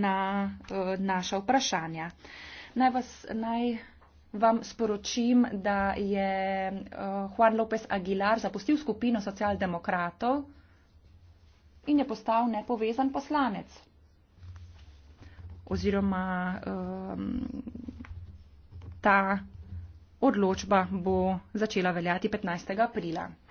na uh, naša vprašanja. Naj, vas, naj vam sporočim, da je uh, Juan López Aguilar zapustil skupino socialdemokratov in je postal nepovezan poslanec. Oziroma um, ta odločba bo začela veljati 15. aprila.